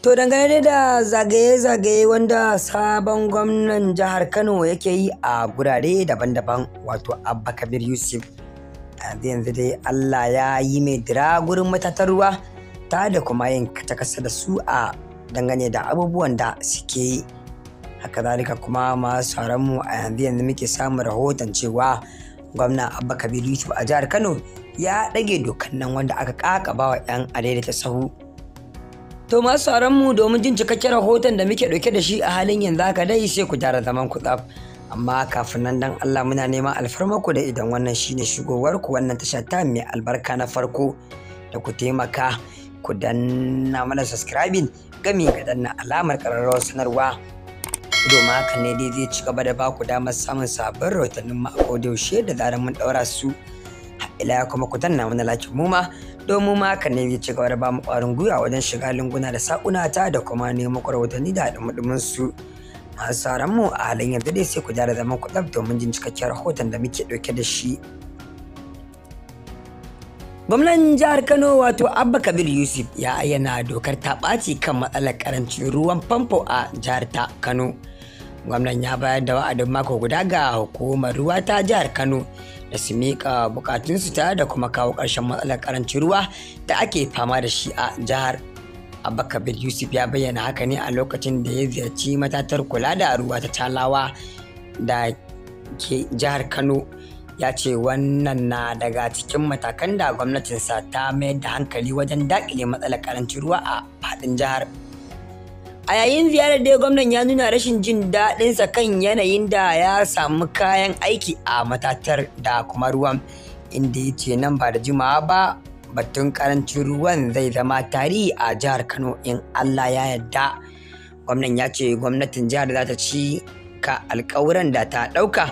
To dangane da zagaye-zagaye wanda sabon gwamnan jihar Kano yake yi a gurare daban-daban wato Abba Kabir Yusuf. Yanzu yanzu dai Allah ya yi mai dira gurin matatar ruwa ta da kuma yin kasa da su a dangane da abubuwan da suke yi. Haka zalika kuma masu mu a yanzu yanzu muke samun rahoton cewa gwamna Abba Kabir Yusuf a jihar Kano ya ɗage dokan nan wanda aka ƙaƙabawa 'yan adaidaita sahu. To masu mu domin jin cikakken rahoton da muke ɗauke da shi a halin yanzu haka dai sai ku tara zaman ku tsaf. Amma kafin nan dan Allah muna neman alfarmako da idan wannan shine shigowar ku wannan tasha ta mai albarka na farko da ku taimaka ku danna mana subscribing gami ga danna alamar ƙararrawar sanarwa domin haka ne dai zai ci gaba da ba ku damar samun sabbin rahotannin mu a da zarar mun ɗaura su. ila kuma ku danna wani lakin muma, don domin ma ne ci gaba da ba mu ƙwarin gwiwa wajen shiga lunguna da saƙuna ta da kuma nemo rahotanni da haɗin su masu sauran mu a halin yanzu dai sai ku da zaman ku ɗab domin jin cikakkiyar rahoton da muke ɗauke da shi. gwamnan jihar kano wato abba kabir yusuf ya ayyana dokar ta ɓaci kan matsalar karancin ruwan famfo a jihar ta kano gwamnan ya bayar da wa'adin mako guda ga hukumar ruwa ta jihar kano da su miƙa bukatunsu tare da kuma kawo ƙarshen matsalar karancin ruwa da ake fama da shi a jihar abakabir yusuf ya bayyana haka ne a lokacin da ya ziyarci matatar kula da ruwa ta talawa da ke jihar kano ya ce wannan na daga cikin matakan da gwamnatinsa ta mayar da hankali wajen daƙile matsalar karancin ruwa a faɗin jihar a yayin ziyarar dai gwamnan ya nuna rashin jin daɗinsa kan yanayin da ya samu kayan aiki a matatar da kuma ruwan inda ya ce nan ba da jimawa ba batun karancin ruwan zai zama tarihi a jihar kano in allah ya yarda gwamnan ya ce gwamnatin jihar za ta ci ka alkawuran da ta ɗauka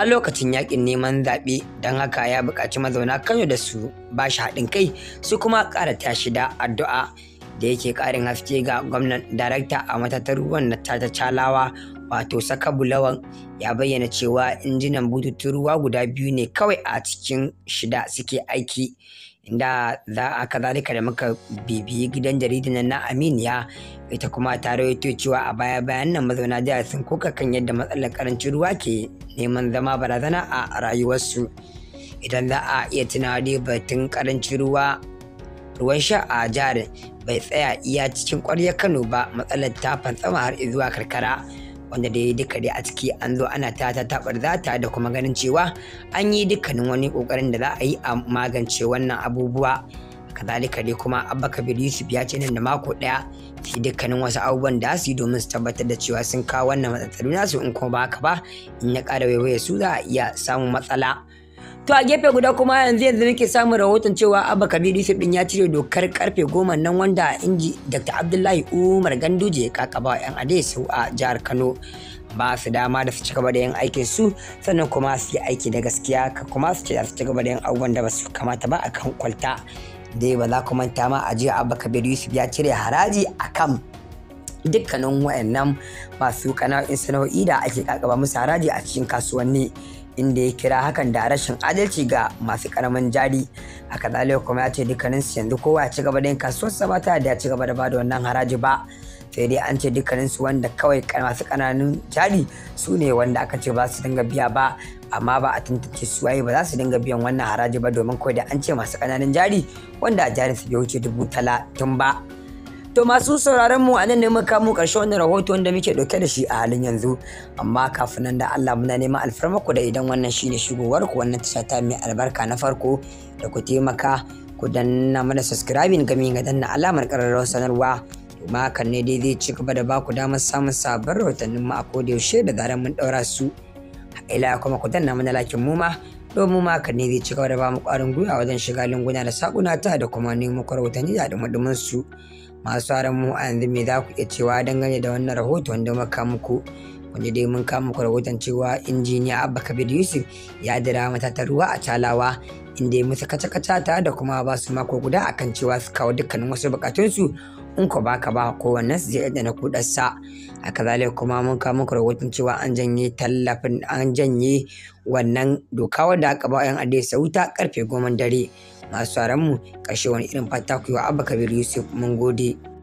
a lokacin yakin neman zaɓe don haka ya buƙaci mazauna kano da su ba shi haɗin kai su kuma ƙara tashi da addu'a da yake karin haske ga gwamnan darakta a matatar ruwan na ta calawa wato saka bulawan ya bayyana cewa injinan bututun ruwa guda biyu ne kawai a cikin shida suke aiki inda za a kazalika da muka bibiyi gidan jaridan na aminiya ita kuma ta rawaito cewa a baya bayan nan mazauna jihar sun koka kan yadda matsalar karancin ruwa ke neman zama barazana a rayuwarsu idan za a iya tunawa batun karancin ruwa ruwan sha a jihar bai tsaya iya cikin kwarya Kano ba matsalar ta fantsama har zuwa karkara wanda da ya yi dai a ciki an zo ana ta ta tabar zata da kuma ganin cewa an yi dukkanin wani ƙoƙarin da za a yi a magance wannan abubuwa kazalika dai kuma abba kabir yusuf ya ce nan da mako ɗaya Sai dukkanin wasu abubuwan da su yi domin su tabbatar da cewa sun kawo wannan matsatsalu nasu in kuma ba haka ba in ya ƙara waiwaye su za a iya samun matsala To a gefe guda kuma yanzu yanzu nake samun rahoton cewa Abba Kabiru Yusuf din ya cire dokar karfe goma nan wanda inji Dr. Abdullahi Umar Ganduje ya kakaba yan Adesu a jihar Kano. ba su dama da su ci gaba da yin aikin su sannan kuma su yi aiki da gaskiya ka kuma su ce su ci gaba da yin abubuwan da ba su kamata ba a kan kwalta dai ba za ku manta ma a jiya abba Kabiru yusuf ya cire haraji akan dukkanin wayannan masu kana'in sana'o'i da ake kakaba musu haraji a cikin kasuwanni inda ya kira hakan da rashin adalci ga masu karamin jari a kuma ya ce dukkaninsu yanzu kowa ya ci gaba da yin kasuwarsa ba da ya ci gaba da bada wannan haraji ba sai dai an ce dukkaninsu wanda kawai masu kananun jari su ne wanda aka ce ba su dinga biya ba amma ba a tantance su waye ba za su dinga biyan wannan haraji ba domin kawai da an ce masu kananun jari wanda jarin su bai wuce dubu talatin ba. To masu sauraron mu anan ne muka mu karshe wannan rahoto wanda muke ɗauke da shi a halin yanzu. Amma kafin nan da Allah muna neman ku da idan wannan shine shigowar ku wannan tasha ta mai albarka na farko da ku taimaka ku danna mana subscribing gami ga danna alamar ƙararrawar sanarwa. ma kan ne dai zai ci gaba da ba ku damar samun sabon rahotannin mu a koda yaushe da zaran mun ɗaura su. Ila kuma ku danna mana lakin mu ma domin ma kan ne zai ci gaba da ba mu ƙwarin gwiwa wajen shiga lunguna da saƙuna ta da kuma nemo rahotanni da dumadumin su. masu mu a yanzu za ku iya cewa dangane da wannan rahoton da muka muku wanda dai mun kama kwa rahoton cewa injiniya abba kabir yusuf ya dira ta ruwa a talawa inda ya musu kaca-kaca ta da kuma ba su mako guda a kan cewa su kawo dukkanin wasu bukatunsu in ko baka ba kowanne su zai na kudar sa, a kazalika kuma mun kawo muku rahoton cewa an janye tallafin an janye wannan doka wadda aka ba yan adai sauta karfe goma dare masu mu kashe wani irin fata kuwa abba kabir yusuf mun gode.